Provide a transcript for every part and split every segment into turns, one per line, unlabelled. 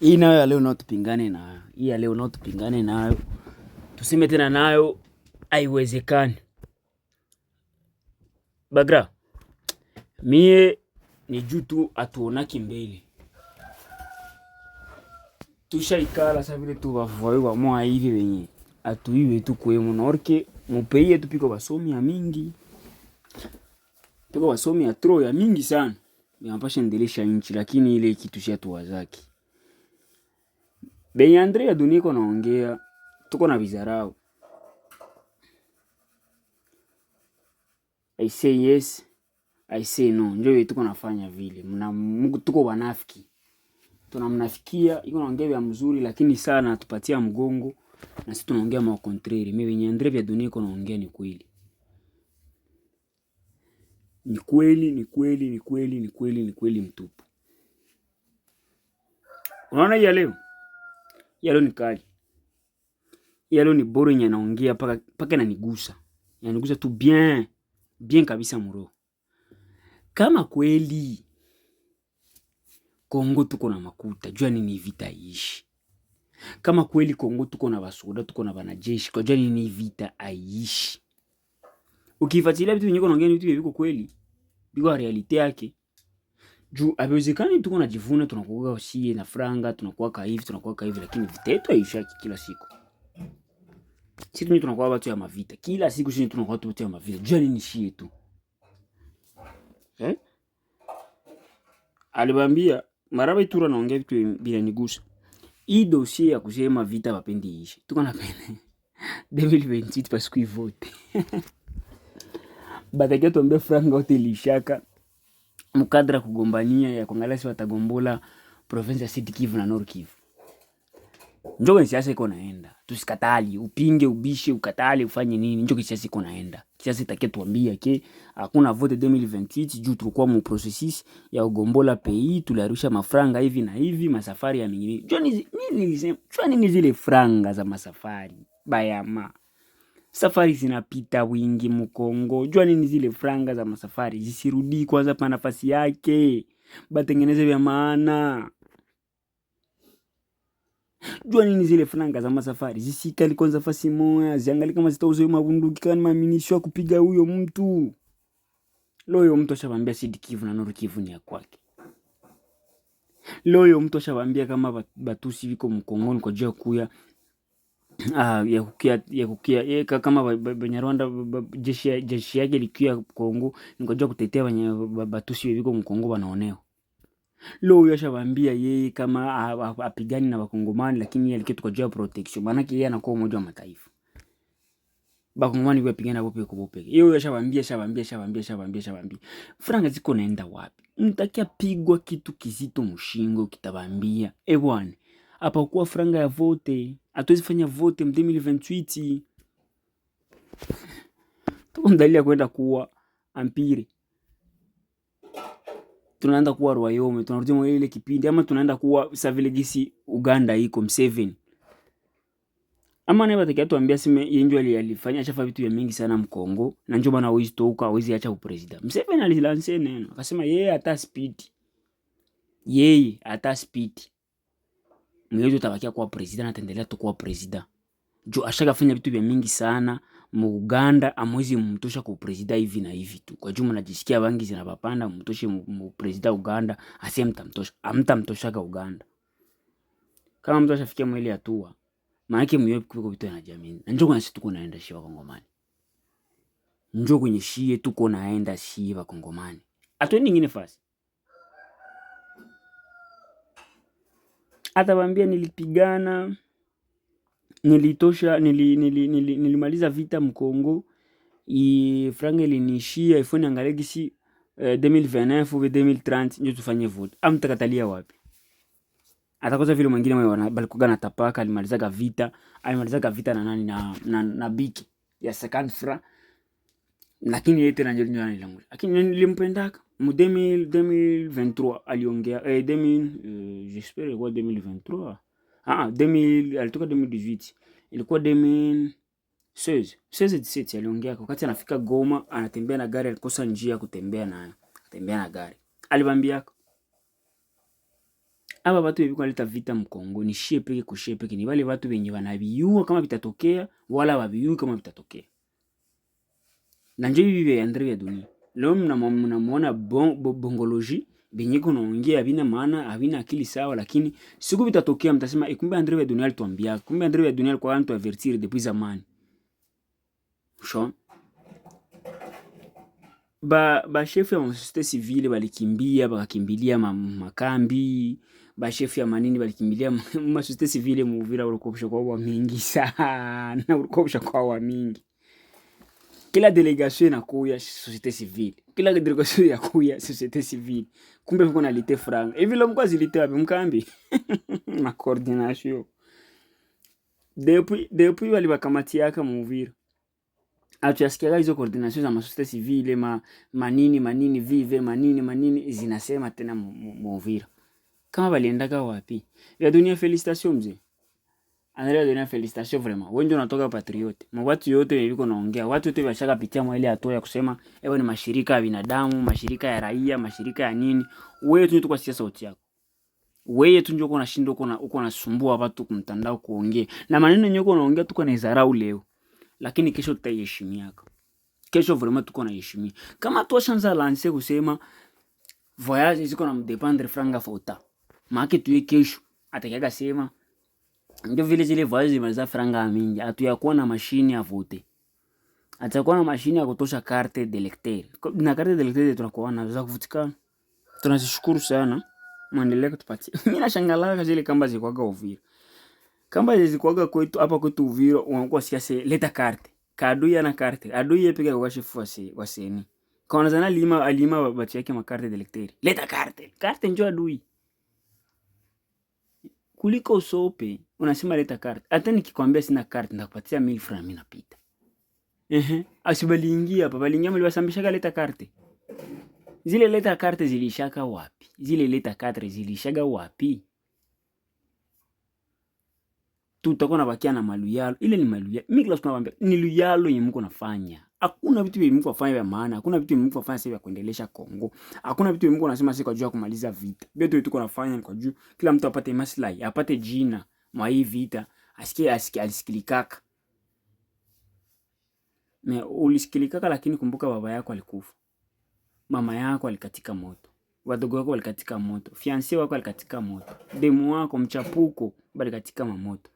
Hii nayo ya leo nao tupingane nayo, hii ya leo nao tupingane nayo, tuseme tena nayo haiwezekani. Bagra, mie ni juu tu atuonaki mbele, tushaikala sa vile tuvavawiwamwa hivi wenye atuiwe tu kwemu norke mupei yetu piko basomi ya mingi, piko basomi ya tro ya mingi sana, yanapasha endelesha nchi, lakini ile kitu shatuwazaki Benye Andrea Duniko naongea, tuko na vizarau I say yes, I say no, yetu tuko nafanya vile. Mna Mungu tuko wanafiki, tunamnafikia iko naongea vya mzuri, lakini sana atupatia mgongo na sisi tunaongea ma contrary. Mimi benye Andrea vya Duniko naongea ni kweli ni kweli ni kweli ni kweli ni kweli ni kweli mtupu. Unaona hii leo Yalo ni kali. Yalo ni boro yenye naongea paka paka inanigusa. Yanigusa tu bien. Bien kabisa muro. Kama kweli Kongo tuko na makuta, jua nini vita iishi. Kama kweli Kongo tuko na basoda, tuko na banajeshi, jua nini vita aishi. Ukifuatilia vitu vyenye kunaongea ni vitu viko kweli. Biko realite yake juu abiwezekani, tuko najivuna, tunakuwa usie na franga, tunakuwa kaivi, tunakuwa kaivi, lakini vita yetu haishaki kila siku. Sisi tunyi tunakuwa watu ya mavita kila siku, sisi tunakuwa watu ya mavita. Jua nini shi yetu eh? Alibambia maraba itura naongea vitu bila nigusa hii dossier ya kusema vita wapendi ishi, tuko na pene 2028 parce que vote batakia tuambia franga hoteli ishaka mkadra kugombania ya kuangalia si watagombola province ya City Kivu na North Kivu. Njoo kwenye siasa iko naenda. Tusikatali, upinge, ubishe, ukatali, ufanye nini? Njo kisiasa iko naenda. Kisiasa itakia tuambia ke hakuna vote 2028 juu tulikuwa mu processus ya ugombola pei, tularusha mafranga hivi na hivi, masafari ya mingine. Njo nini nilisema? Nini zile franga za masafari? Bayama safari zinapita wingi Mkongo, jua nini zile franga za masafari zisirudi kwanza pa nafasi yake, batengeneze vya maana. Jua nini zile franga za masafari zisikali kwanza fasi moya, ziangali kama zitauza mabunduki kani maminisho kupiga huyo mtu loyo. Mtu ashabambia Sud Kivu na Nord Kivu ni ya kwake loyo. Mtu ashawambia kama batusi viko Mkongoni kwa jua kuya Uh, ah, ya ya kukia, kukia, kama Rwanda jeshi jeshi yake likia Kongo nikajua kutetea Batusi bebiko Mkongo banaonewa. Lo, huyo ashawaambia yeye kama apigani na wakongomani lakini yeye alikuwa tukajua protection, maana yake yeye anakuwa mmoja wa Mataifa. Bakongomani kwa pigana bope kwa bope. Yeye huyo ashawaambia ashawaambia ashawaambia ashawaambia ashabambia. Franga ziko naenda wapi? Mtakia pigwa kitu kizito mshingo kitabambia. Eh bwana apakuwa franga ya vote, atuwezi fanya vote mu 2028 tuko dalili ya kwenda kuwa ampire, tunaenda kuwa royaume, tunarudia mwe ile kipindi, ama tunaenda kuwa savile gisi Uganda iko Museveni ama naye batakia tuambia sime yenjo alifanya achafa vitu ya mingi sana Mkongo, na njoba na wezi toka, wezi acha upresida. Museveni alilanse neno akasema yeye hata spiti, yeye ata spiti mweyetu tabakia kuwa president na tendelea tu kuwa president. Jo ashaka fanya vitu vya mingi sana mu Uganda, amwezi mumtosha ku president hivi na hivi tu. Kwa jumla najisikia bangi zinapapanda mumtoshe mu president Uganda, asiye mtamtosha, amtamtosha ka Uganda. Kama mtu ashafikia mwili atua, maana yake mweyetu kuko vitu na jamii. Njoo kwa sisi tuko naenda shiwa Kongomani. Njoo kwenye shie tuko naenda shiva Kongomani. Atwendi nyingine fasi. Atawaambia nilipigana, nilitosha, nili, nili, nili, nilimaliza vita mkongo ifranga iliniishia ifo niangalie gisi eh, 2029 ou 2030 ndio tufanye vote. Amtakatalia wapi? Atakosa vile mwingine mwe balikuga na tapaka alimalizaga vita, alimalizaga vita na nani na na, na biki ya second fra. Lakini yeye tena ndio ndio anilangula. Lakini nilimpendaka. 2000, 2023 aliongea eh, 2000 uh, j'espère ilikuwa 2023 ah 2000 alitoka 2018 ilikuwa 2016 16 17 aliongea wakati anafika Goma, anatembea na gari, alikosa njia kutembea nayo, atembea na gari. Alibambia aba batu biko aleta vita mkongo ni shie peke kushie peke, ni wale watu wenye wanabiua kama vitatokea, wala wabiui kama bitatokea na njoo hivi vya Andre ya dunia Leo mnamuona bon, bongoloji benye kunaongea havina maana, havina akili sawa, lakini siku vitatokea, mtasema e, kumbe Andre Veduni alituambia, kumbe Andre Veduni alikuwa anatuavertir depuis zamani. Sho ba ba chef ya société civile balikimbia, bakakimbilia makambi ba chef ya manini balikimbilia ma société civile muvira, ulikopsha kwa wa mingi sana, ulikopsha kwa wa mingi kila delegation inakuya societe civile, kila delegation inakuya societe civile, kumbe mko na lite franga hivi eh, leo, mko azilite wapi? Mkambi na coordination depuis depuis wali bakamati yaka muvira atuyasikiaga hizo coordination za masosiete civile ma manini manini vive manini manini zinasema tena muvira kama waliendaga wapi ya dunia. Felicitation mzee. Andrea Dona felicitation vraiment. Wengi wanatoka patriote. Ma watu yote niliko naongea, watu wote washaka pitia mwa ile hatua ya kusema ewe ni mashirika ya binadamu, mashirika ya raia, mashirika ya nini? Wewe tu kwa siasa sauti yako. Wewe tu ndio uko unashinda uko na uko unasumbua watu kumtandao kuongea. Na maneno yenyewe uko unaongea tu kwa nidharau leo. Lakini kesho tutaiheshimia. Kesho vraiment tuko na heshima. Kama tu washanza lance kusema voyage ziko na mdependre franga fauta. Maki tu kesho atakaga sema ndio vile zile voyage zimaliza franga mingi, hatuyakuwa na mashine ya vote, atakuwa na mashine ya kutosha carte d'electeur na carte d'electeur tunakuwa na za kuvutika. Tunashukuru sana, muendelee kutupatia. Mimi nashangaa zile kamba zikwaga Uvira, kamba zikwaga kwetu hapa kwetu Uvira, unakuwa se leta carte kadui ana carte ya pika kwa shefu wa seni kwa nazana lima alima bachi yake makarte d'electeur, leta carte carte, njoo adui kuliko usope unasema leta karti. Hata nikikwambia sina karte ndakupatia 1000 franc mimi napita. Ehe, asibaliingia hapa, baliingia mliwasambisha kaleta karti. Zile leta karte zilishaka wapi? Zile leta karti zilishaga wapi? Tutakuwa nabakia na maluyalo. Ile ni maluyalo. Mimi kila siku nawaambia ni luyalo yenye mko nafanya. Hakuna vitu vya Mungu afanya vya maana, hakuna vitu vya Mungu afanya sasa vya kuendelesha Kongo. Hakuna vitu vya Mungu anasema sasa kwa juu ya kumaliza vita. Vitu tuko nafanya ni kwa juu kila mtu apate maslahi, apate jina mwa hii vita, asikie asikie alisikilikaka. Na ulisikilikaka, lakini kumbuka baba yako alikufa. Mama yako alikatika moto. Wadogo wako walikatika moto. Fiancé wako alikatika moto. Demu wako mchapuko bali katika mamoto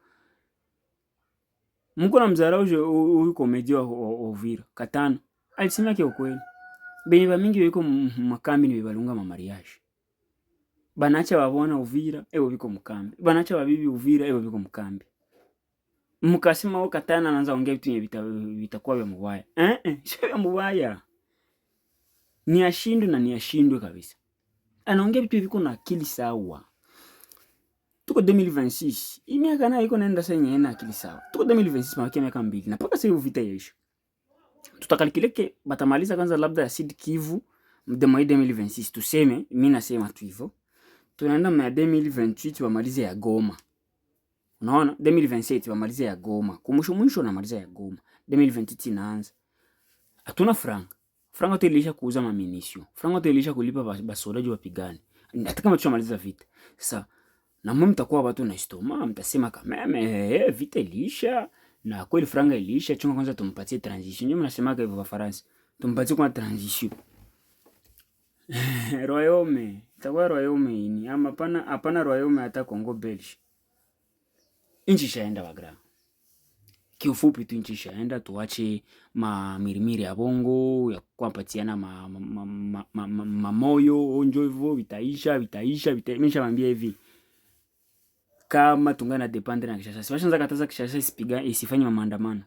na mzara uje huyu komeji wa Uvira katano alisema kya ukweli benye mingi yuko makambi ni balunga ma mariage banacha babona Uvira ebo biko mkambi banacha babibi Uvira ebo biko mkambi mukasema wo katana anaanza ongea vitu vitakuwa vya mubaya eh eh sio vya mubaya ni ashindwe na ni ashindwe kabisa anaongea vitu viko na akili sawa tuko 2026 hii miaka nayo iko naenda sasa yenyewe na akili sawa. Tuko 2026 mwa miaka mbili na paka sasa vita yaisha. Tutakalikile ke batamaliza kwanza labda ya Sud Kivu mdemo 2026 tuseme, mimi nasema tu hivyo. Tunaenda mwa 2028 wamalize ya Goma. Unaona 2027 wamalize ya Goma. Kumwisho mwisho na wanamaliza ya Goma. 2028 inaanza. Hatuna franga. Franga tuliisha kuuza maminisio. Franga tuliisha kulipa basodaji wapigani. Hata kama tushamaliza vita. Sasa na mwe mtakuwa watu na istoma, mtasema kama eh, eh, vita ilisha na kweli franga ilisha. Chunga kwanza tumpatie transition. Nyuma nasema kwa hivyo Wafaransa tumpatie kwa transition royome itakuwa royome ini ama pana? Hapana, royome hata Congo Belge inchi shaenda wagra. Kiufupi tu inchi shaenda, tuache mamirimiri ya bongo ya kuwapatiana mamoyo ma, ma, ma, ma, ma, onjo oh, hivyo, vitaisha vitaisha vitaisha. Nimeshawaambia hivi kama tungana na dependre na Kinshasa. Sibashanza kataza Kinshasa isipiga isifanye maandamano.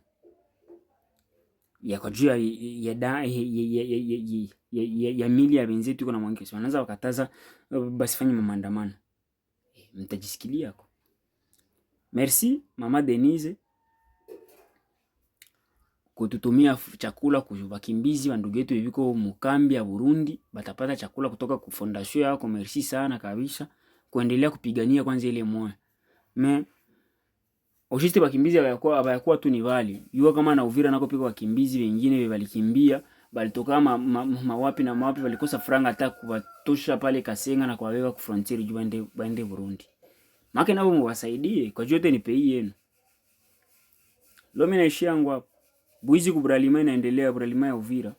Ya kwa juu ya ya ya ya ya ya ya mili ya benzetu tuko na mwangi. Sibanaanza wakataza basi fanye maandamano. Eh, mtajisikilia yako. Merci Mama Denise kututumia chakula kuwakimbizi wa ndugu yetu yuko mukambi ya Burundi, batapata chakula kutoka ku fondation yako. Merci sana kabisa kuendelea kupigania kwanza ile moyo me oshiste bakimbizi abayakuwa abayakuwa tu ni vali yuwa kama na Uvira nako pika wakimbizi wengine walikimbia balitoka ma, ma, ma mawapi na mawapi walikosa franga hata kuwatosha pale Kasenga na kuwaweka ku frontier juu baende baende Burundi. Maki nabo muwasaidie kwa jote ni pei yenu. Lomi naishia yangu hapo. Buizi kubralima inaendelea, bralima ya Uvira.